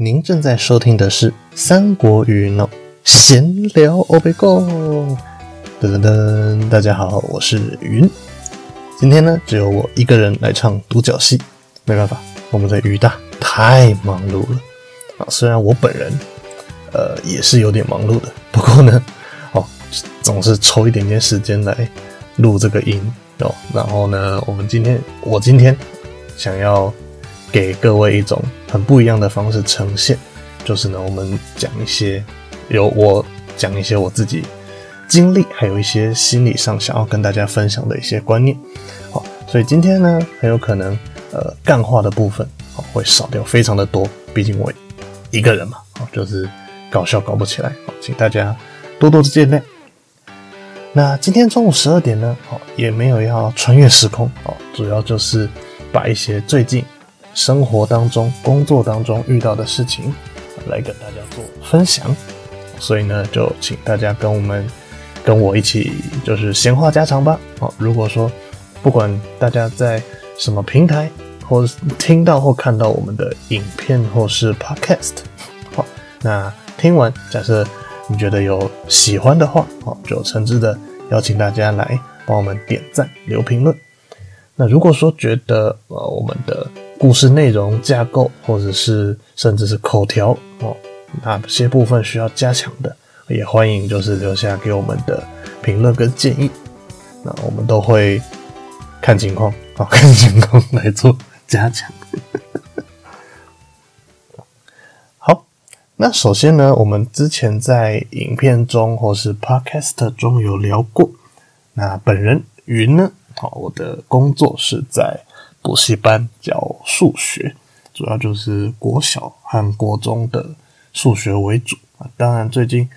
您正在收聽的是《三國瑜雲の閒聊》，歐北共。噔噔噔，大家好，我是雲。今天呢，只有我一個人來唱獨角戲，沒辦法，我們在瑜大太忙碌了啊。雖然我本人呃也是有點忙碌的，不過呢，哦，總是抽一點點時間來錄這個音哦。然後呢，我們今天，我今天想要。給各位一種很不一樣的方式呈現，就是呢，我們講一些，有我講一些我自己經歷，還有一些心理上想要跟大家分享的一些觀念。好，哦，所以今天呢，很有可能呃幹話的部分，哦，會少掉非常的多，畢竟我一個人嘛，哦，就是搞笑搞不起來，哦，請大家多多的見諒。那今天中午十二點呢，哦，也沒有要穿越時空，哦，主要就是把一些最近，生活當中、工作當中遇到的事情，來跟大家做分享，所以呢，就請大家跟我們、跟我一起，就是閒話家常吧。好，如果說不管大家在什麼平台或是聽到或看到我們的影片或是 Podcast，好，那聽完假設你覺得有喜歡的話，好，就誠摯的邀請大家來幫我們點贊、留評論。那如果說覺得呃我們的。故事內容架構，或者是甚至是口條哦，哪些部分需要加強的，也歡迎就是留下給我們的評論跟建議。那我們都會看情況，哦，看情況來做加強。 好，那首先呢，我們之前在影片中或是 Podcast 中有聊過，那本人雲呢？好，哦，我的工作是在。補習班教數學，主要就是國小和國中的數學為主。當然，最近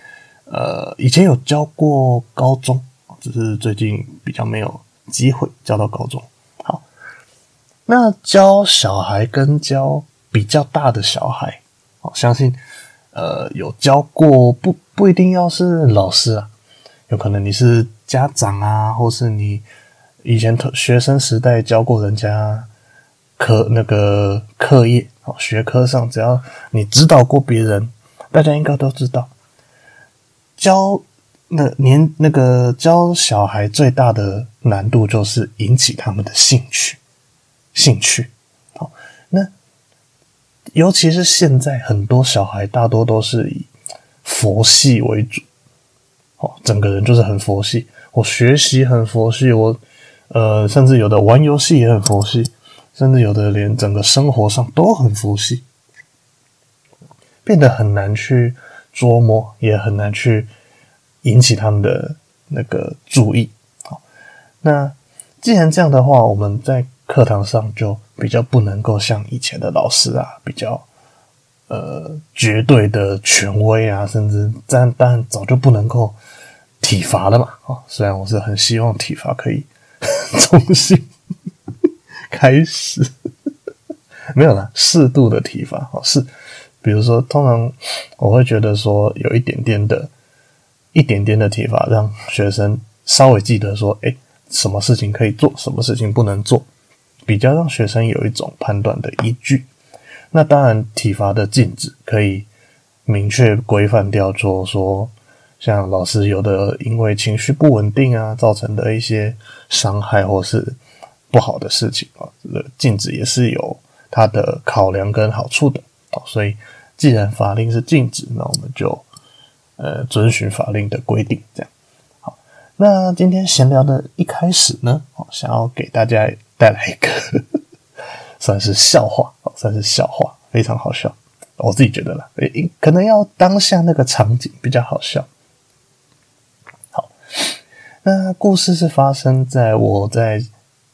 呃，以前有教過高中，只是最近比較沒有機會教到高中。好，那教小孩跟教比較大的小孩，我相信呃，有教過不不一定要是老師啊，有可能你是家長啊，或是你。以前特學生時代教過人家課，那個課業好學科上，只要你指導過別人，大家應該都知道。教那年那個教小孩最大的難度就是引起他們的興趣，興趣好那，尤其是現在很多小孩大多都是以佛系為主，好，整個人就是很佛系。我學習很佛系，我。呃，甚至有的玩遊戲也很佛系，甚至有的連整個生活上都很佛系，變得很難去捉摸，也很難去引起他們的那個注意。好，那既然這樣的話，我們在課堂上就比較不能夠像以前的老師啊，比較呃絕對的權威啊，甚至但但早就不能夠體罰了嘛。啊、哦，雖然我是很希望體罰可以。重新 中心笑開始， 沒有啦，適度的體罰，是，比如說，通常我會覺得說有一點點的，一點點的體罰，讓學生稍微記得說，誒、欸，什麼事情可以做，什麼事情不能做，比較讓學生有一種判斷的依據。那當然，體罰的禁止可以明確規範掉說說。像老師有的因為情緒不穩定啊，造成的一些傷害或是不好的事情啊，這個禁止也是有它的考量跟好處的哦。所以既然法令是禁止，那我們就呃遵循法令的規定，這樣好。那今天閒聊的一開始呢，想要給大家帶來一個 算是笑話，算是笑話，非常好笑，我自己覺得啦，可能要當下那個場景比較好笑。那故事是發生在我在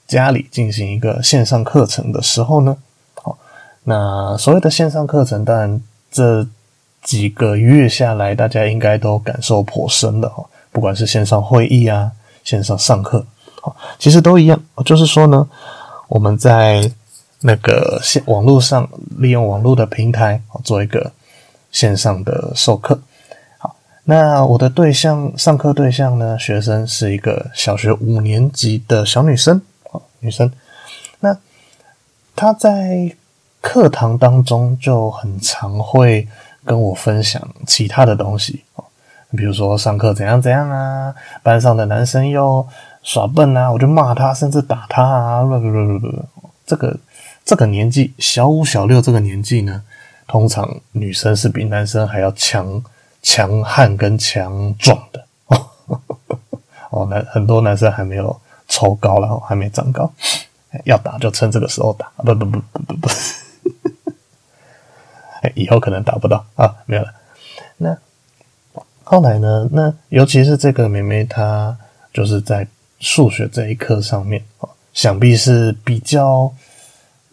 家裡進行一個線上課程的時候呢。好，那所謂的線上課程，當然這幾個月下來，大家應該都感受頗深的哈。不管是線上會議啊，線上上課，好，其實都一樣。就是說呢，我們在那個線，網絡上利用網絡的平台，做一個線上的授課。那我的對象，上課對象呢，學生是一個小學五年級的小女生，哦，女生。那她在課堂當中就很常會跟我分享其他的東西，哦，比如說上課怎樣怎樣啊，班上的男生又耍笨啊，我就罵他，甚至打他啊，咯咯咯咯咯。這個這個年紀，小五小六這個年紀呢，通常女生是比男生還要強。強悍跟強壯的呵呵呵，哦，男，很多男生還沒有抽高啦，然後還沒長高，要打就趁這個時候打，不不不不不不，以後可能打不到啊，沒有了。那後來呢？那尤其是這個妹妹，她就是在數學這一科上面啊，想必是比較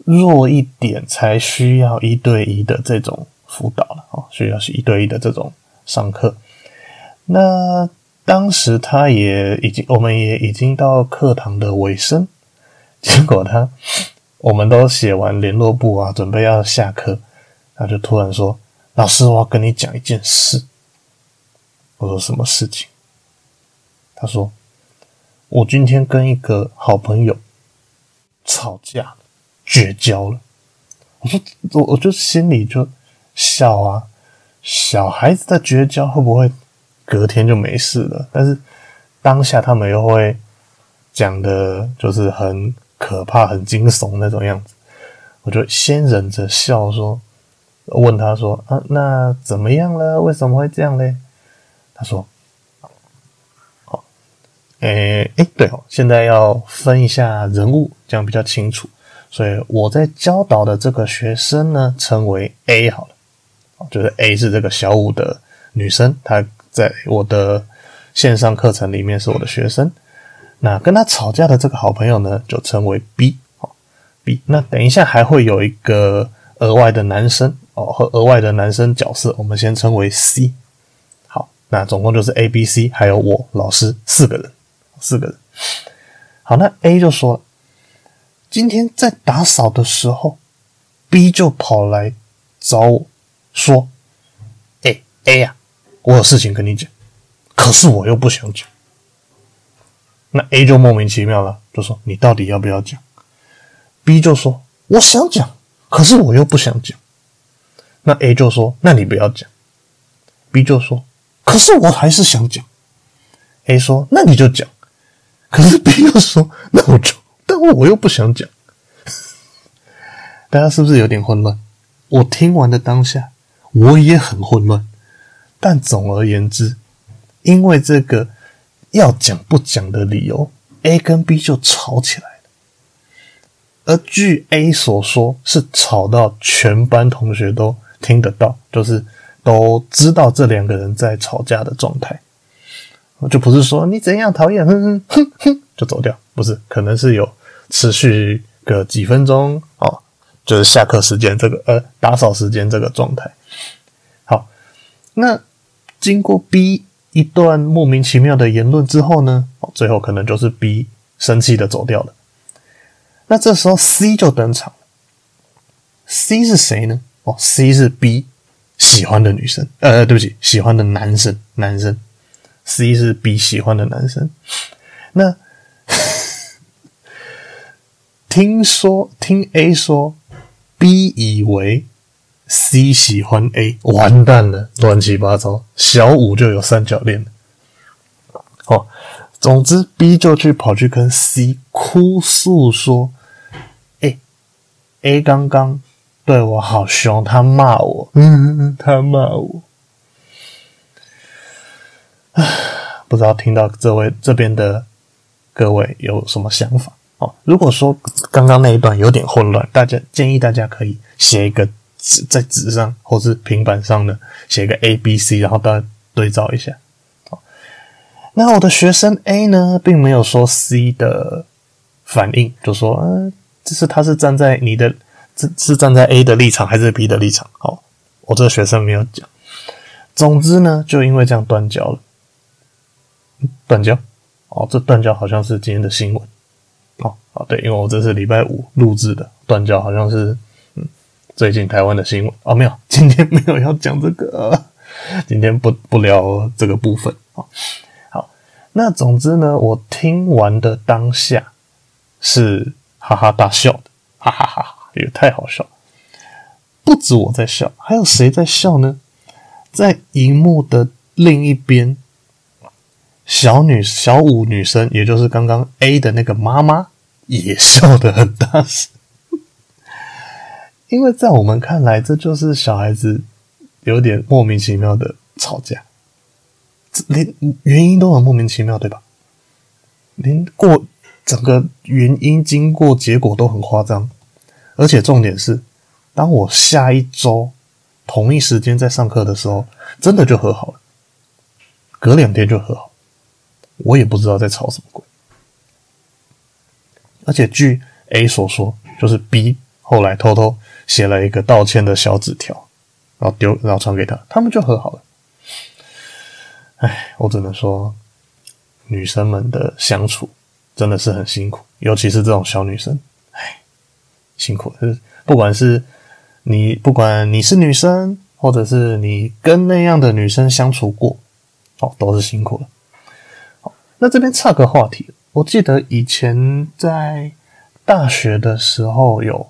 弱一點，才需要一對一的這種輔導了啊，需要是一對一的這種。上課，那當時他也已經，我們也已經到課堂的尾聲，結果他，我們都寫完聯絡簿啊，準備要下課，他就突然說：“老師，我要跟你講一件事。”我說：“什麼事情？”他說：“我今天跟一個好朋友吵架了，絕交了。我”我說：“我我就心裡就笑啊。”小孩子的絕交會不會隔天就沒事了？但是當下他們又會講的，就是很可怕、很驚悚那種樣子。我就先忍着笑說，問他說：“啊，那怎麼樣了？為什麼會這樣嘞？”他說：“好、哦，誒、欸，誒、欸，對哦，現在要分一下人物，這樣比較清楚。所以我在教導的這個學生呢，稱為 A 好了。”就是 A 是這個小五的女生，她在我的線上課程裡面是我的學生。那跟她吵架的這個好朋友呢，就稱為 B 哦，B。那等一下還會有一個額外的男生哦，和額外的男生角色，我們先稱為 C。好，那總共就是 A、B、C 還有我，老師，四個人，四個人。好，那 A 就說了，今天在打掃的時候，B 就跑來找我。說：“欸，A 呀，我有事情跟你講，可是我又不想講。那 A 就莫名其妙了，就說，你到底要不要講？B 就說，我想講，可是我又不想講。那 A 就說，那你不要講，B 就說，可是我還是想講。A 說，那你就講，可是 B 又說，那我就，但我又不想講。 大家是不是有點混亂？我聽完的當下。”我也很混亂，但總而言之，因為這個要講不講的理由，A 跟 B 就吵起來了。而據 A 所說，是吵到全班同學都聽得到，就是都知道這兩個人在吵架的狀態。就不是說你怎樣討厭，哼哼哼哼就走掉，不是，可能是有持續個幾分鐘啊，就是下課時間這個呃打掃時間這個狀態。那經過 B 一段莫名其妙的言論之後呢，最後可能就是 B 生氣的走掉了。那這時候 C 就登場了。C 是誰呢？哦，C 是 B 喜歡的女生。呃，對不起，喜歡的男生，男生。C 是 B 喜歡的男生。那呵呵聽說，聽 A 說，B 以為。C 喜歡 A，完蛋了，亂七八糟，小五就有三角戀了。哦，總之 B 就去跑去跟 C 哭訴說，誒，A 剛剛對我好凶，他罵我，嗯、呵呵，他罵我。唉，不知道聽到這位這邊的各位有什麼想法哦？如果說剛剛那一段有點混亂，大家建議大家可以寫一個。在紙上或是平板上的寫個 A、B、C，然後大家對照一下。好，那我的學生 A 呢，並沒有說 C 的反應，就說，嗯，這是他是站在你的，這是站在 A 的立場還是 B 的立場？好，我這個學生沒有講。總之呢，就因為這樣斷交了，嗯、斷交。哦，這斷交好像是今天的新聞。好，對，因為我這是禮拜五錄製的，斷交好像是。最近台灣的新聞哦，喔、沒有，今天沒有要講這個，今天不不聊這個部分。好，好，那總之呢，我聽完的當下是哈哈大笑的，哈，哈哈哈，也太好笑了。不止我在笑，還有誰在笑呢？在螢幕的另一邊，小女小五女生，也就是剛剛 A 的那個媽媽，也笑得很大聲。因為在我們看來，這就是小孩子有點莫名其妙的吵架，連原因都很莫名其妙，對吧？連過整個原因、經過、結果都很誇張，而且重點是，當我下一周同一時間在上課的時候，真的就和好了，隔兩天就和好，我也不知道在吵什麼鬼。而且據 A 所說，就是 B 後來偷偷，寫了一個道歉的小紙條，然後丟，然後傳給他，他們就和好了。哎，我只能說，女生們的相處真的是很辛苦，尤其是這種小女生，哎，辛苦了。就是不管是你，不管你是女生，或者是你跟那樣的女生相處過，哦，都是辛苦了。好，那這邊岔個話題，我記得以前在大學的時候有。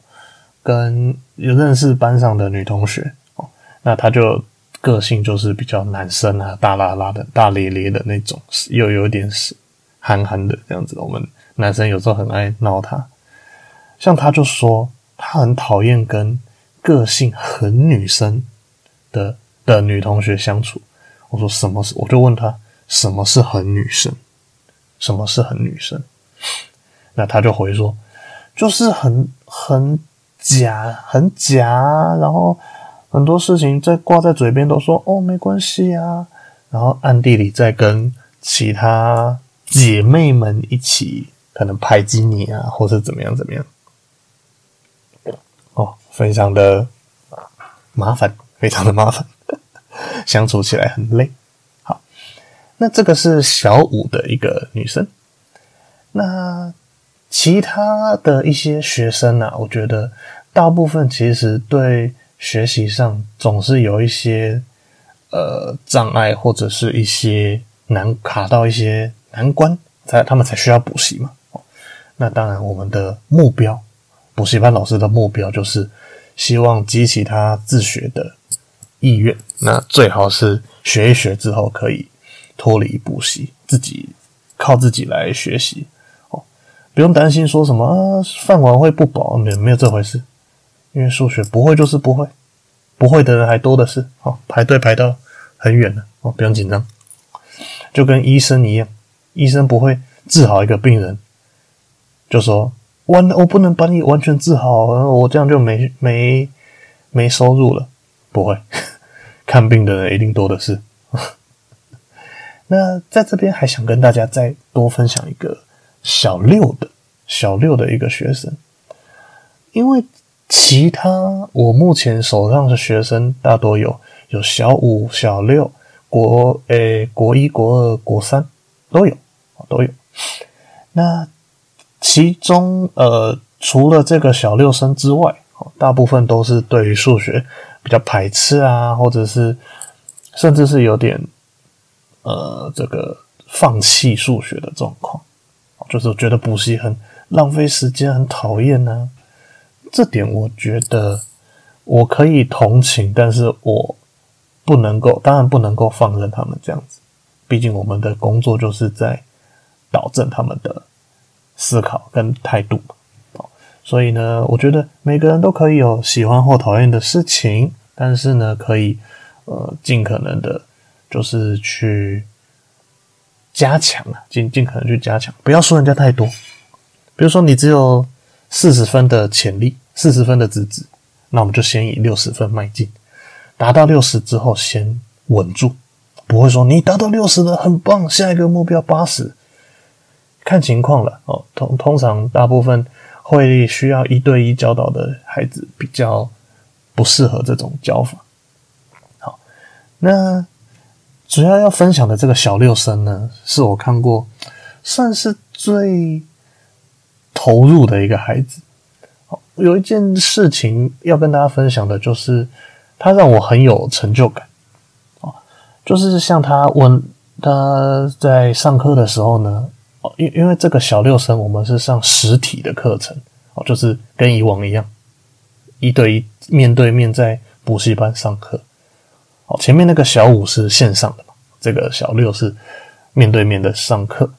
跟有認識班上的女同學哦，那他就個性就是比較男生啊，大啦啦的、大咧咧的那種，又有點是憨憨的這樣子。我們男生有時候很愛鬧他，像他就說他很討厭跟個性很女生的的女同學相處。我說什麼是，我就問他什麼是很女生？什麼是很女生？那他就回說就是很很假，很假，然後很多事情在掛在嘴邊都說，哦沒關係啊，然後暗地裡在跟其他姐妹們一起可能排擠你啊，或者怎麼樣怎麼樣。哦，非常的麻煩，非常的麻煩呵呵，相處起來很累。好，那這個是小五的一個女生，那。其他的一些學生啊，我覺得大部分其實對學習上總是有一些呃障礙，或者是一些難卡到一些難關，才他們才需要補習嘛。那當然，我們的目標，補習班老師的目標就是希望激起他自學的意願，那最好是學一學之後可以脫離補習，自己靠自己來學習。不用擔心，說什麼啊，飯碗會不保，沒有沒有這回事，因為數學不會就是不會，不會的人還多的是，哦、喔，排隊排到很遠了，哦、喔，不用緊張，就跟醫生一樣，醫生不會治好一個病人，就說完，我不能把你完全治好，我這樣就沒沒沒收入了，不會呵呵，看病的人一定多的是。呵呵，那在這邊還想跟大家再多分享一個。小六的小六的一個學生，因為其他我目前手上的學生大多有有小五、小六、國誒、欸、國一、國二、國三都有，都有。那其中呃，除了這個小六生之外，大部分都是對於數學比較排斥啊，或者是甚至是有點呃，這個放棄數學的狀況。就是覺得補習很浪費時間，很討厭呢。這點我覺得我可以同情，但是我不能夠，當然不能夠放任他們這樣子。畢竟我們的工作就是在導正他們的思考跟態度。所以呢，我覺得每個人都可以有喜歡或討厭的事情，但是呢，可以呃盡可能的，就是去。加強啊，盡盡可能去加強，不要說人家太多。比如說，你只有四十分的潛力，四十分的資質，那我們就先以六十分邁進。達到六十之後，先穩住，不會說你達到六十了，很棒，下一個目標八十，看情況了哦。通通常大部分會需要一對一教導的孩子，比較不適合這種教法。好，那。主要要分享的這個小六生呢，是我看過算是最投入的一個孩子。有一件事情要跟大家分享的，就是他讓我很有成就感。就是像他問，他在在上課的時候呢，因因為這個小六生，我們是上實體的課程，就是跟以往一樣，一對一面對面在補習班上課。前面那個小五是線上的，這個小六是面對面的上課。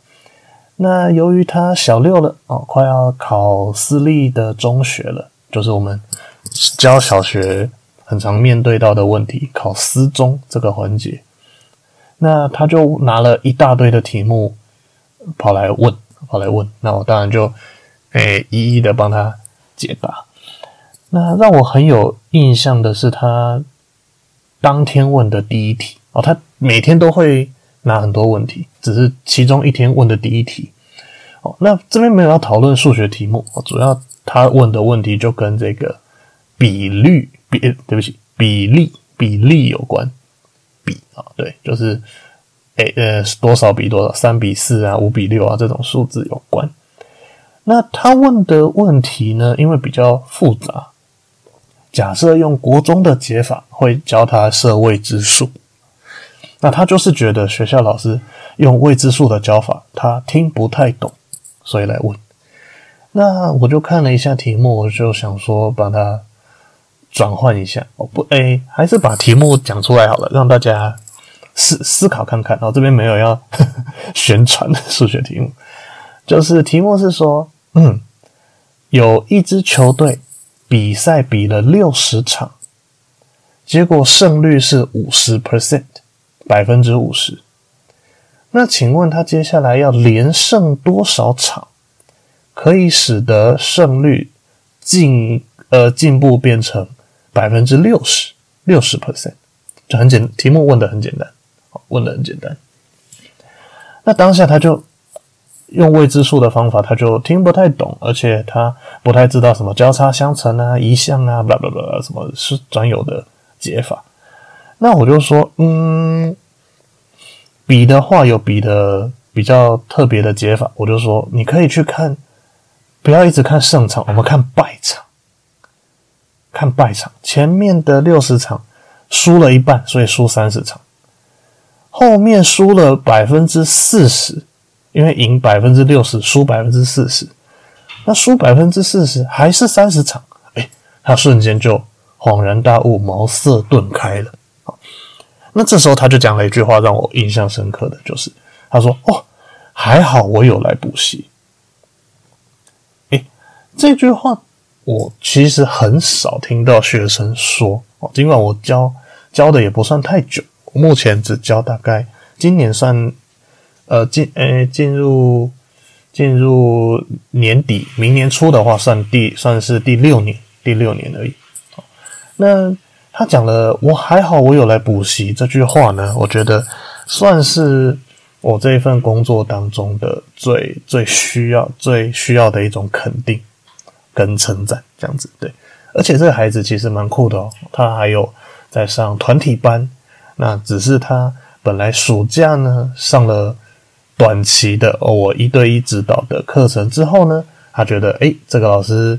那由於他小六了，哦，快要考私立的中學了，就是我們教小學很常面對到的問題，考私中這個環節。那他就拿了一大堆的題目跑來問，跑來問。那我當然就誒、欸、一一的幫他解答。那讓我很有印象的是他。當天問的第一題哦、喔，他每天都會拿很多問題，只是其中一天問的第一題哦、喔。那這邊沒有要討論數學題目，喔，主要他問的問題就跟這個比率比，欸，對不起，比例比例有關比啊，喔，對，就是誒、欸、呃，多少比多少，三比四啊，五比六啊這種數字有關。那他問的問題呢，因為比較複雜。假設用國中的解法會教他設未知數，那他就是覺得學校老師用未知數的教法，他聽不太懂，所以來問。那我就看了一下題目，我就想說把它轉換一下。我、哦、不，哎、欸，還是把題目講出來好了，讓大家思思考看看。哦，這邊沒有要 宣傳的數學題目，就是題目是說，嗯，有一支球隊，比賽比了六十場，結果勝率是五十 percent，百分之五十。那請問他接下來要連勝多少場，可以使得勝率進呃進步變成百分之六十，六十 percent？就很簡，題目問的很簡單，問的很簡單。那當下他就。用未知數的方法，他就聽不太懂，而且他不太知道什麼交叉相乘啊、移項啊、blah blah blah，什麼是專有的解法。那我就說，嗯，比的話有比的比較特別的解法。我就說，你可以去看，不要一直看勝場，我們看敗場，看敗場前面的六十場輸了一半，所以輸三十場，後面輸了百分之四十。因為贏百分之六十，輸百分之四十，那輸百分之四十還是三十場，哎、欸，他瞬間就恍然大悟，茅塞頓開了啊。那這時候他就講了一句話讓我印象深刻的就是，他說：“哦，還好我有來補習。”欸，哎，這句話我其實很少聽到學生說，哦，儘管我教教的也不算太久，我目前只教大概今年算。呃，進呃進入進入年底，明年初的話，算第算是第六年，第六年而已。那他講了，我還好，我有來補習這句話呢，我覺得算是我這一份工作當中的最最需要最需要的一種肯定跟稱讚，這樣子，對。而且這個孩子其實蠻酷的哦，他還有在上團體班，那只是他本來暑假呢，上了。短期的哦，我一對一指導的課程之後呢，他覺得哎、欸，這個老師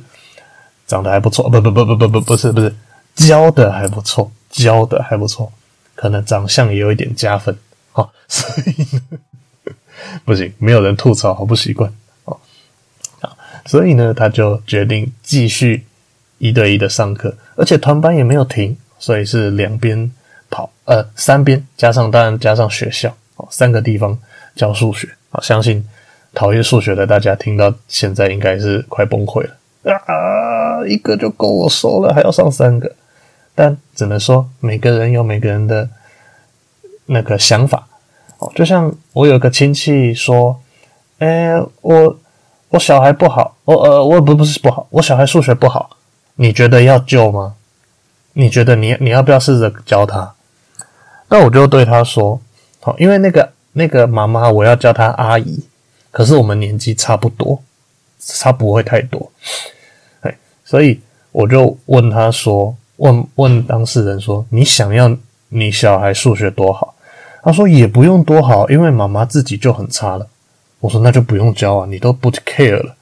長得還不錯，不不不不不不，不是不是，教的還不錯，教的還不錯，可能長相也有一點加分，好、哦，所以呢，不行，沒有人吐槽，好不習慣哦，哦，所以呢，他就決定繼續一對一的上課，而且團班也沒有停，所以是兩邊跑，呃，三邊加上，當然加上學校哦，三個地方。教數學啊！相信討厭數學的大家聽到現在應該是快崩潰了啊！一個就夠我受了，還要上三個。但只能說每個人有每個人的那個想法。就像我有一個親戚說：“哎、欸，我我小孩不好，我呃我不不是不好，我小孩數學不好。你覺得要救嗎？你覺得你你要不要試着教他？那我就對他說：好，因為那個。”那個媽媽，我要叫她阿姨，可是我們年紀差不多，差不會太多，嘿，所以我就問她說，問問當事人說，你想要你小孩數學多好？她說也不用多好，因為媽媽自己就很差了。我說那就不用教啊，你都不 care 了，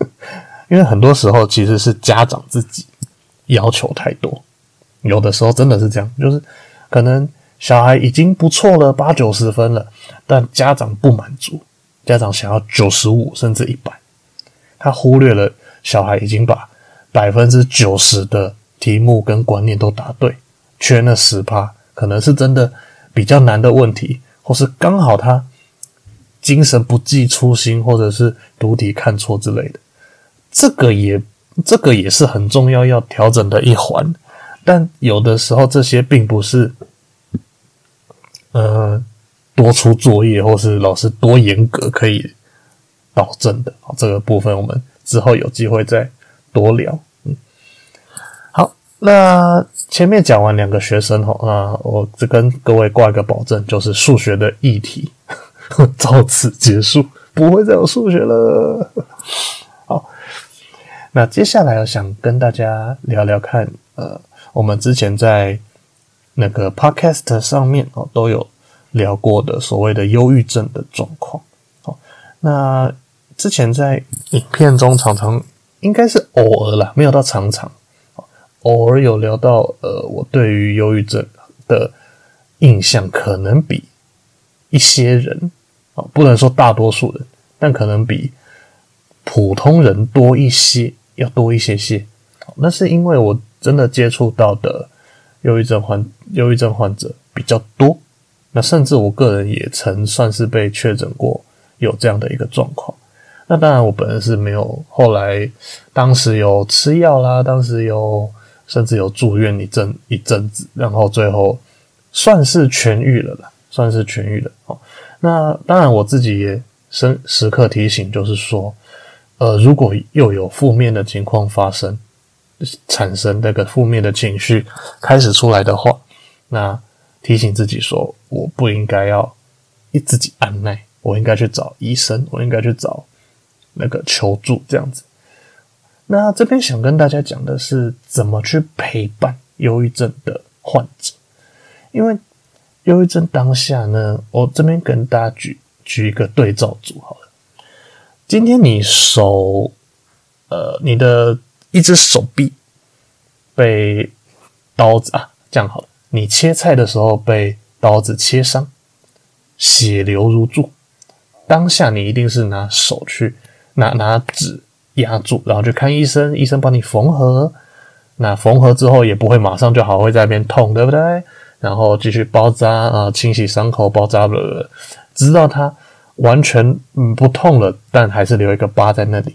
因為很多時候其實是家長自己要求太多，有的時候真的是這樣，就是可能。小孩已經不錯了，八九十分了，但家長不滿足，家長想要九十五甚至一百，他忽略了小孩已經把百分之九十的題目跟觀念都答對，缺了十趴，可能是真的比較難的問題，或是剛好他精神不濟粗心，或者是讀題看錯之類的，這個也這個也是很重要要調整的一環，但有的時候這些並不是。呃，多出作業或是老師多嚴格可以保證的。這個部分我們之後有機會再多聊。嗯，好，那前面講完兩個學生哈啊，那我只跟各位掛一個保證，就是數學的議題呵呵到此結束，不會再有數學了。好，那接下來我想跟大家聊聊看，呃，我們之前在。那個 podcast 上面哦都有聊過的所謂的憂鬱症的狀況，那之前在影片中常常應該是偶爾啦，沒有到常常，偶爾有聊到呃，我對於憂鬱症的印象可能比一些人啊，不能說大多數人，但可能比普通人多一些，要多一些些，那是因為我真的接觸到的。憂鬱症患，憂鬱症患者比較多。那甚至我個人也曾算是被確診過有這樣的一個狀況。那當然，我本人是沒有。後來，當時有吃藥啦，當時有甚至有住院一陣一陣子，然後最後算是痊癒了啦，算是痊癒了。好，那當然我自己也時時刻提醒，就是說，呃，如果又有負面的情況發生。產生那個負面的情緒開始出來的話，那提醒自己說，我不應該要一直自己按耐，我應該去找醫生，我應該去找那個求助這樣子。那這邊想跟大家講的是，怎麼去陪伴憂鬱症的患者，因為憂鬱症當下呢，我這邊跟大家舉舉一個對照組好了。今天你手，呃，你的。一隻手臂被刀子啊，這樣好了。你切菜的時候被刀子切傷，血流如注。當下你一定是拿手去拿拿紙壓住，然後去看醫生，醫生幫你縫合。那縫合之後也不會馬上就好，會在那邊痛，對不對？然後繼續包紮啊，清洗傷口包、包紮了，直到它完全不痛了，但還是留一個疤在那裡。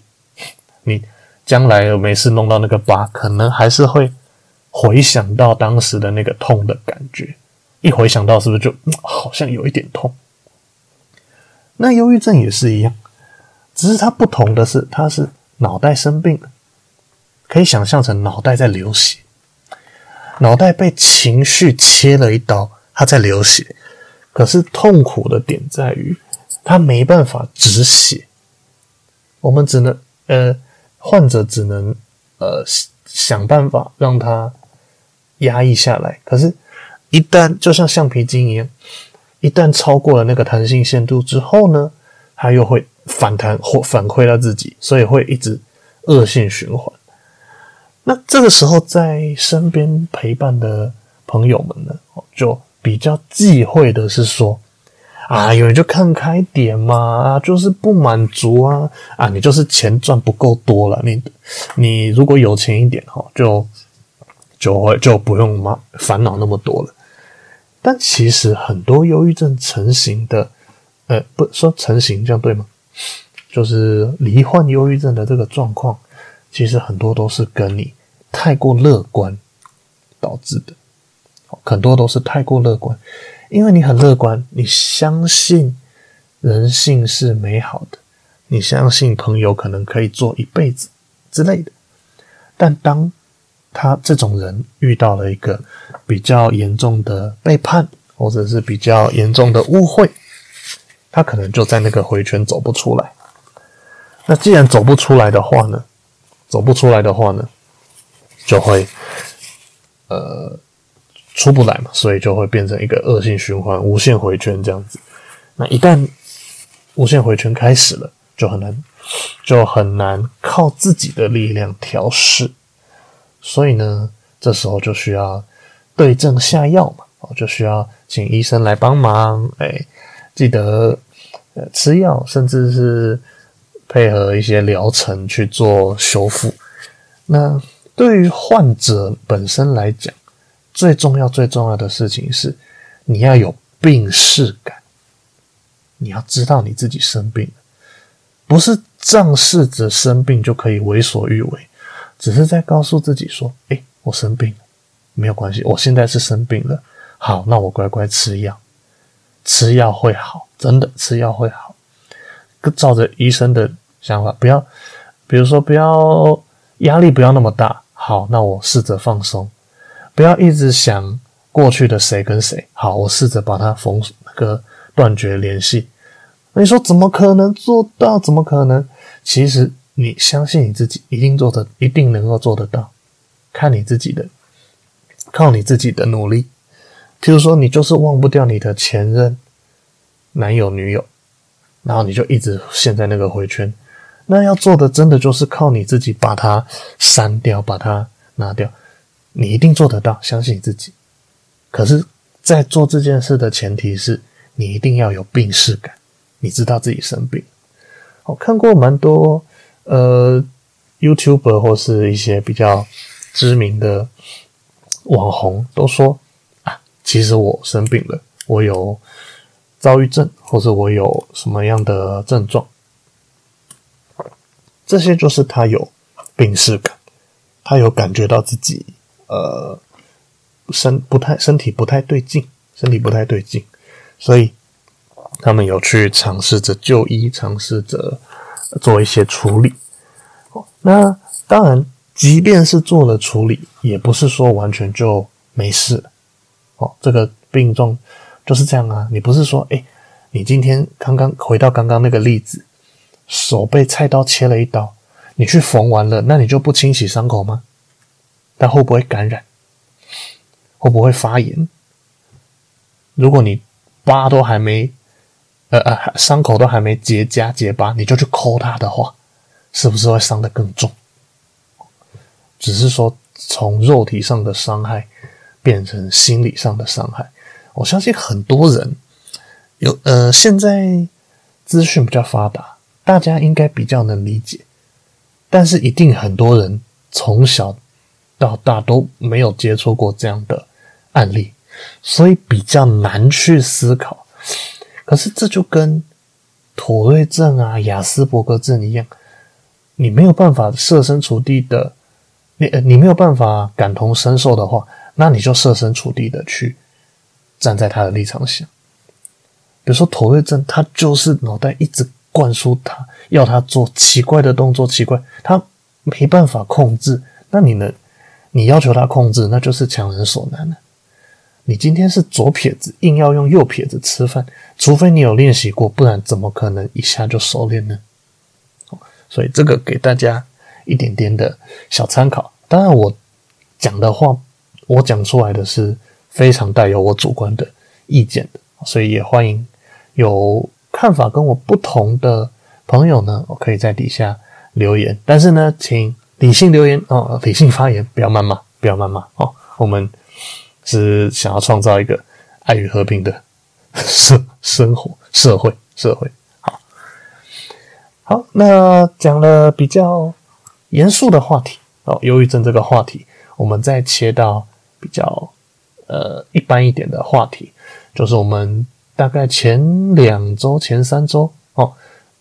你。將來沒事弄到那個疤，可能還是會回想到當時的那個痛的感覺。一回想到，是不是就好像有一點痛？那憂鬱症也是一樣，只是它不同的是，它是腦袋生病了，可以想象成腦袋在流血，腦袋被情緒切了一刀，它在流血。可是痛苦的點在於，它沒辦法止血。我們只能，呃。患者只能呃想辦法讓他壓抑下來，可是，一旦就像橡皮筋一樣，一旦超過了那個彈性限度之後呢，他又會反彈或反饋到自己，所以會一直惡性循環。那這個時候，在身邊陪伴的朋友們呢，就比較忌諱的是說，啊，有、哎，人就看開點嘛！啊，就是不滿足啊！啊，你就是錢賺不夠多了。你你，如果有錢一點哈，就就會就不用煩惱那麼多了。但其實很多憂鬱症成型的，呃，不說成型，這樣對嗎？就是罹患憂鬱症的這個狀況，其實很多都是跟你太過樂觀導致的，很多都是太過樂觀。因為你很樂觀，你相信人性是美好的，你相信朋友可能可以做一輩子之類的。但當他這種人遇到了一個比較嚴重的背叛，或者是比較嚴重的誤會，他可能就在那個回圈，走不出來。那既然走不出來的話呢，走不出來的話呢，就會，呃，出不來嘛，所以就會變成一個惡性循環、無限迴圈這樣子。那一旦無限迴圈開始了，就很難，就很難靠自己的力量調適。所以呢，這時候就需要對症下藥嘛，就需要請醫生來幫忙。哎、欸，記得呃吃藥，甚至是配合一些療程去做修復。那對於患者本身來講，最重要最重要的事情是，你要有病識感，你要知道你自己生病，不是仗恃著生病就可以為所欲為，只是在告訴自己說：“哎、欸，我生病了，沒有關係，我現在是生病了，好，那我乖乖吃藥，吃藥會好，真的吃藥會好，照着醫生的想法，不要，比如說不要壓力不要那麼大，好，那我試着放鬆。”不要一直想過去的誰跟誰。好，我試着把它封鎖那個斷絕聯繫。你說怎麼可能做到？怎麼可能？其實你相信你自己，一定做的，一定能夠做得到。看你自己的，靠你自己的努力。譬如說，你就是忘不掉你的前任男友、女友，然後你就一直陷在那個回圈。那要做的，真的就是靠你自己把它刪掉，把它拿掉。你一定做得到，相信自己。可是，在做這件事的前提是你一定要有病識感，你知道自己生病。我看過蠻多呃，YouTuber 或是一些比較知名的網紅都說啊，其實我生病了，我有躁鬱症，或者我有什麼樣的症狀，這些就是他有病識感，他有感覺到自己。呃，身不太身體不太對勁，身體不太對勁，所以他們有去嘗試着就醫，嘗試着做一些處理。那當然，即便是做了處理，也不是說完全就沒事了。哦，這個病狀就是這樣啊。你不是說，哎，你今天剛剛回到剛剛那個例子，手被菜刀切了一刀，你去縫完了，那你就不清洗傷口嗎？但會不會感染？會不會發炎？如果你疤都還沒，呃呃，傷口都還沒結痂結疤，你就去摳它的話，是不是會傷得更重？只是說從肉體上的傷害變成心理上的傷害。我相信很多人有呃，現在資訊比較發達，大家應該比較能理解。但是一定很多人從小到大都沒有接觸過這樣的案例，所以比較難去思考。可是這就跟妥瑞症啊、亞斯伯格症一樣，你沒有辦法設身處地的，你呃，你沒有辦法感同身受的話，那你就設身處地的去站在他的立場想。比如說妥瑞症，他就是腦袋一直灌輸他要他做奇怪的動作，奇怪，他沒辦法控制。那你能？你要求他控制，那就是強人所難了。你今天是左撇子，硬要用右撇子吃飯，除非你有練習過，不然怎麼可能一下就熟練呢？所以這個給大家一點點的小參考。當然，我講的話，我講出來的是非常帶有我主觀的意見的，所以也歡迎有看法跟我不同的朋友呢，我可以在底下留言。但是呢，請。理性留言哦，理性發言，不要謾罵，不要謾罵哦。我們是想要創造一個愛與和平的生生活社會社會。好，好，那講了比較嚴肅的話題哦，憂鬱症這個話題，我們再切到比較呃一般一點的話題，就是我們大概前兩周、前三周哦，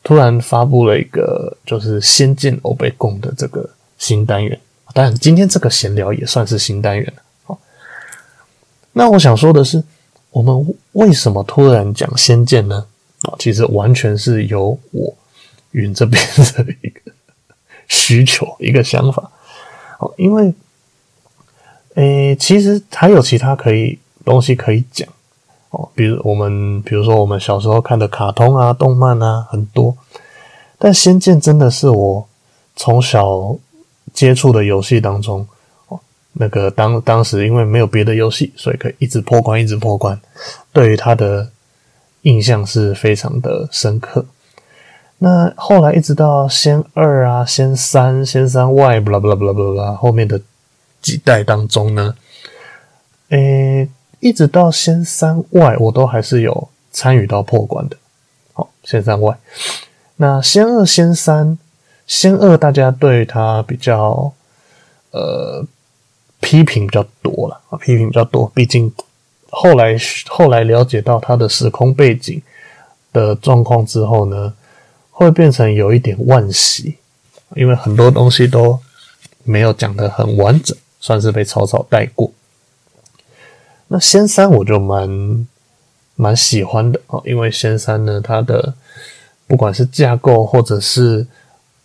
突然發佈了一個就是閒聊歐北共的這個。新單元，當然今天這個閒聊也算是新單元了。好，那我想說的是，我們為什麼突然講《仙劍》呢？啊，其實完全是由我雲這邊的一個需求、一個想法。因為，誒、欸，其實還有其他可以，東西可以講。比如我們，比如說我們小時候看的卡通啊、動漫啊，很多。但《仙劍》真的是我從小。接觸的遊戲當中，哦，那個當當時因為沒有別的遊戲，所以可以一直破關，一直破關。對於他的印象是非常的深刻。那後來一直到仙二啊，仙三，仙三 Y，b l a、ah、拉 b l a 拉 b l a b l a 後面的幾代當中呢，誒、欸，一直到仙三 Y，我都還是有參與到破關的。好、哦，仙三 Y，那仙二、仙三。仙二大家對他比較呃，批評比較多了，批評比較多。畢竟後來後來了解到他的時空背景的狀況之後呢，會變成有一點惋惜，因為很多東西都沒有講得很完整，算是被草草帶過。那仙三我就蠻蠻喜歡的哦，因為仙三呢，它的不管是架構或者是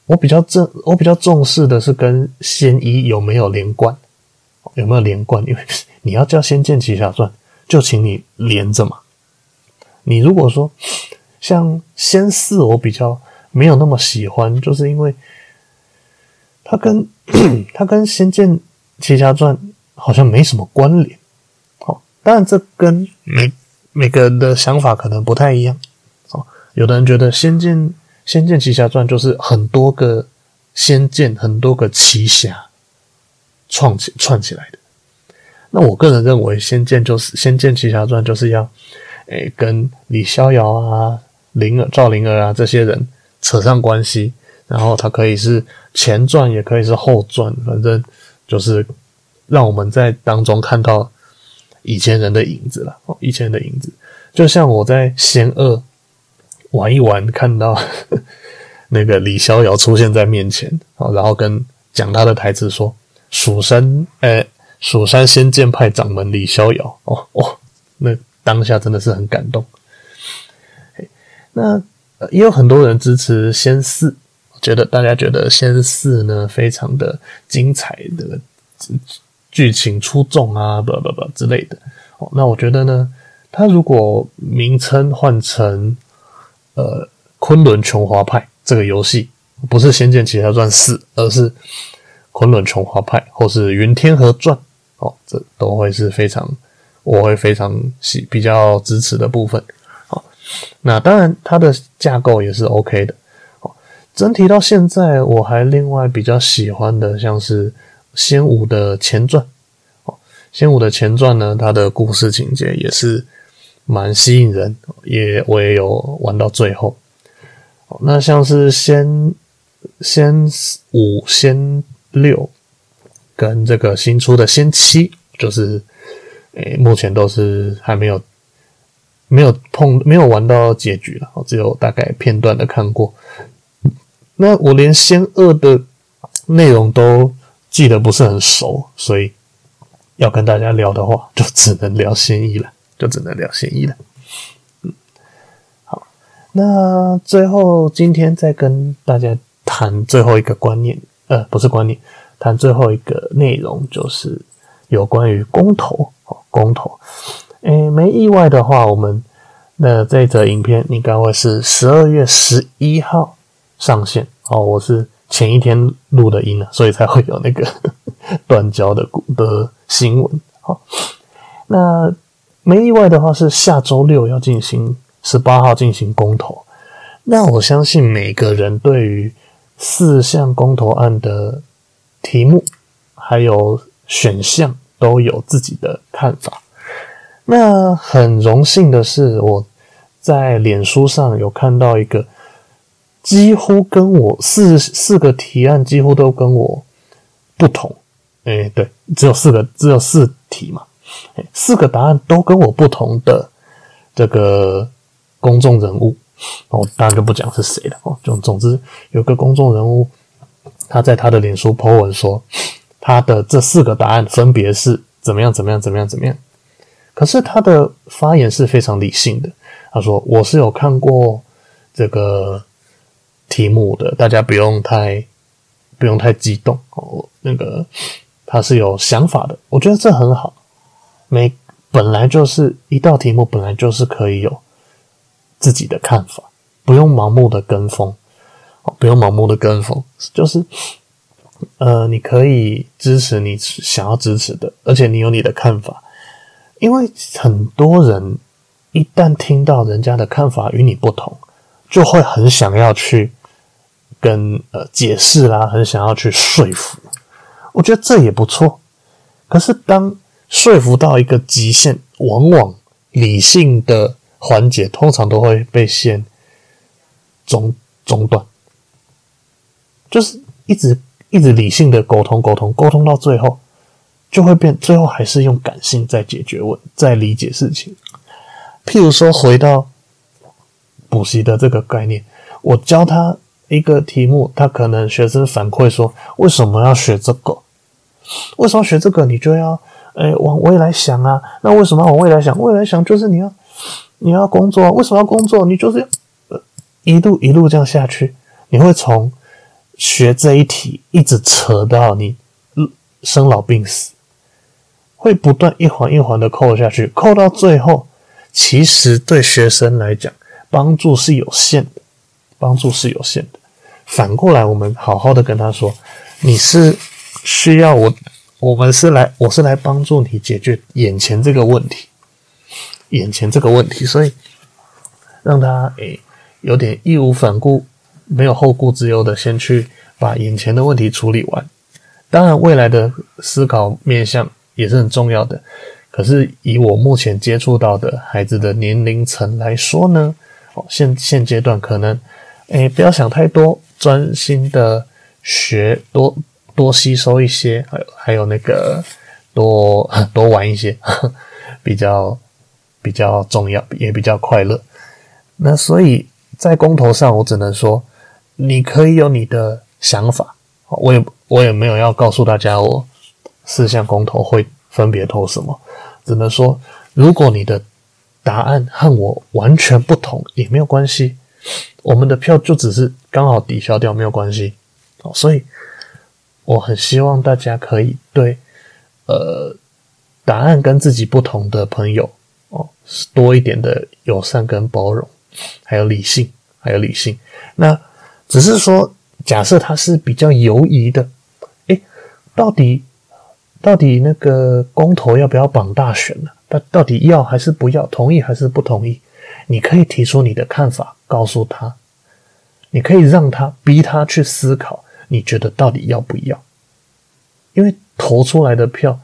我比較重，我比較重視的是跟仙一有沒有連貫，有沒有連貫？因為你要叫《仙劍奇俠傳》，就請你連着嘛。你如果說像仙四，我比較沒有那麼喜歡，就是因為它跟它跟《仙劍奇俠傳》好像沒什麼關聯。好、哦，當然這跟每每個人的想法可能不太一樣。好、哦，有的人覺得《仙劍》。《仙劍奇俠傳》就是很多個仙劍，很多個奇俠串起串起來的。那我個人認為，《仙劍》就是《仙劍奇俠傳》，就是要誒、欸、跟李逍遙啊、靈兒、趙靈兒啊這些人扯上關係，然後他可以是前傳，也可以是後傳，反正就是讓我們在當中看到以前人的影子了。哦，以前人的影子，就像我在仙二。玩一玩，看到那個李逍遙出現在面前，然後跟講他的台詞說：“蜀山，誒、欸、蜀山仙劍派掌門李逍遙。哦”哦哦，那當下真的是很感動。那也有很多人支持仙四，覺得大家覺得仙四呢非常的精彩的劇情出眾啊，不不不之類的。哦，那我覺得呢，他如果名稱換成……呃，昆崙瓊華派這個遊戲不是《仙劍奇俠傳四》，而是昆崙瓊華派，或是雲天河傳，哦，這都會是非常，我會非常喜，比較支持的部分、哦。那當然它的架構也是 OK 的。哦、整體到現在，我還另外比較喜歡的像是仙五的前、哦《仙五的前傳》。哦，《仙五的前傳》呢，它的故事情節也是。蠻吸引人，也，我也有玩到最後。那像是仙仙五、仙六，跟這個新出的仙七，就是誒、欸，目前都是還沒有沒有碰，沒有玩到結局了。只有大概片段的看過。那我連仙二的內容都記得不是很熟，所以要跟大家聊的話，就只能聊仙一了。就只能聊嫌疑了。嗯，好，那最後今天再跟大家談最後一個觀念，呃，不是觀念，談最後一個內容，就是有關於公投。公投，誒、欸，沒意外的話，我們那這則影片應該會是十二月十一號上線哦。我是前一天錄的音了，所以才會有那個斷 交的的新聞。好、哦，那。沒意外的話，是下周六要進行十八號進行公投。那我相信每個人對於四項公投案的題目還有選項都有自己的看法。那很榮幸的是，我在臉書上有看到一個幾乎跟我四四個提案幾乎都跟我不同。哎、欸，對，只有四個，只有四題嘛。四個答案都跟我不同的這個公眾人物，我當然就不講是誰了哦。就總之有個公眾人物，他在他的臉書 po 文說，他的這四個答案分別是怎麼樣怎麼樣怎麼樣怎麼樣。可是他的發言是非常理性的，他說，我是有看過這個題目的，大家不用太不用太激動哦。那個他是有想法的，我覺得這很好。每，本來就是一道題目，本來就是可以有自己的看法，不用盲目的跟風，不用盲目的跟風，就是，呃，你可以支持你想要支持的，而且你有你的看法，因為很多人一旦聽到人家的看法與你不同，就會很想要去跟呃解釋啦，很想要去說服，我覺得這也不錯，可是當。說服到一個極限，往往理性的環節通常都會被先中中斷，就是一直一直理性的溝通溝通溝通到最後，就會變最後還是用感性在解決問，在理解事情。譬如說，回到補習的這個概念，我教他一個題目，他可能學生反饋說：“為什麼要學這個？為什麼學這個？你就要。”哎、欸，往未來想啊，那為什麼要往未來想？未來想就是你要，你要工作啊，為什麼要工作？你就是，要呃，一路一路這樣下去，你會從學這一題一直扯到你生老病死，會不斷一環一環的扣下去，扣到最後，其實對學生來講，幫助是有限的，幫助是有限的。反過來，我們好好的跟他說，你是需要我。我們是來，我是來幫助你解決眼前這個問題，眼前這個問題，所以讓他誒、欸、有點義無反顧，沒有後顧之憂的先去把眼前的問題處理完。當然，未來的思考面向也是很重要的。可是以我目前接觸到的孩子的年齡層來說呢，哦，現現階段可能誒、欸、不要想太多，專心的學多。多吸收一些，還還有那個多，多多玩一些，呵，比較比較重要，也比較快樂。那所以，在公投上，我只能說，你可以有你的想法，我也我也沒有要告訴大家，我四項公投會分別投什麼。只能說，如果你的答案和我完全不同，也沒有關係，我們的票就只是剛好抵消掉，沒有關係。好，所以。我很希望大家可以對，呃，答案跟自己不同的朋友哦，多一點的友善跟包容，還有理性，還有理性。那只是說，假設他是比較猶疑的，誒，到底到底那個公投要不要綁大選呢？他到底要還是不要？同意還是不同意？你可以提出你的看法，告訴他，你可以讓他逼他去思考。你覺得到底要不要？因為投出來的票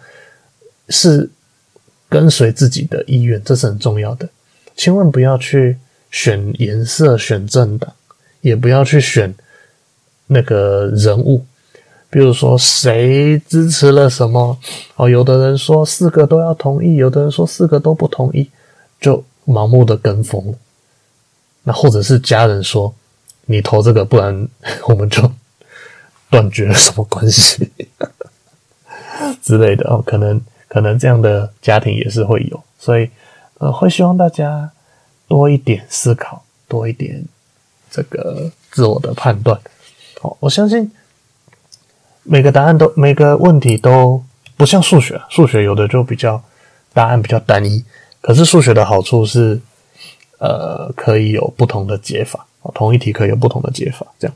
是跟隨自己的意願，這是很重要的。千萬不要去選顏色、選政黨，也不要去選那個人物。比如說，誰支持了什麼？哦，有的人說四個都要同意，有的人說四個都不同意，就盲目的跟風了。那或者是家人說你投這個，不然我們就。斷絕了什麼關係？ 之類的哦，可能可能這樣的家庭也是會有，所以呃，會希望大家多一點思考，多一點這個自我的判斷。好、哦，我相信每個答案都，每個問題都不像數學，數學有的就比較答案比較單一，可是數學的好處是呃，可以有不同的解法、哦，同一題可以有不同的解法，這樣。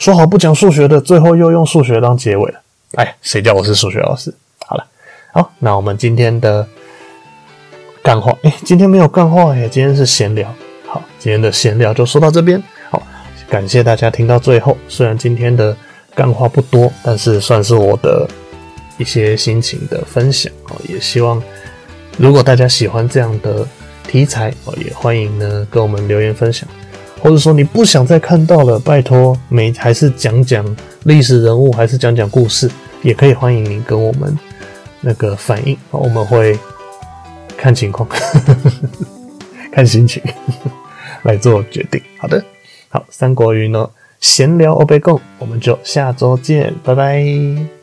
說好不講數學的，最後又用數學當結尾了。哎，誰叫我是數學老師？好了，好，那我們今天的乾話，哎、欸，今天沒有乾話、欸，哎，今天是閒聊。好，今天的閒聊就說到這邊。好，感謝大家聽到最後。雖然今天的乾話不多，但是算是我的一些心情的分享哦。也希望如果大家喜歡這樣的題材哦，也歡迎呢跟我們留言分享。或者說你不想再看到了，拜托，沒還是講講歷史人物，還是講講故事，也可以歡迎你跟我們那個反應，我們會看情況，看心情來做決定。好的，好，三國瑜雲閒聊歐北共，g o 我們就下周見，拜拜。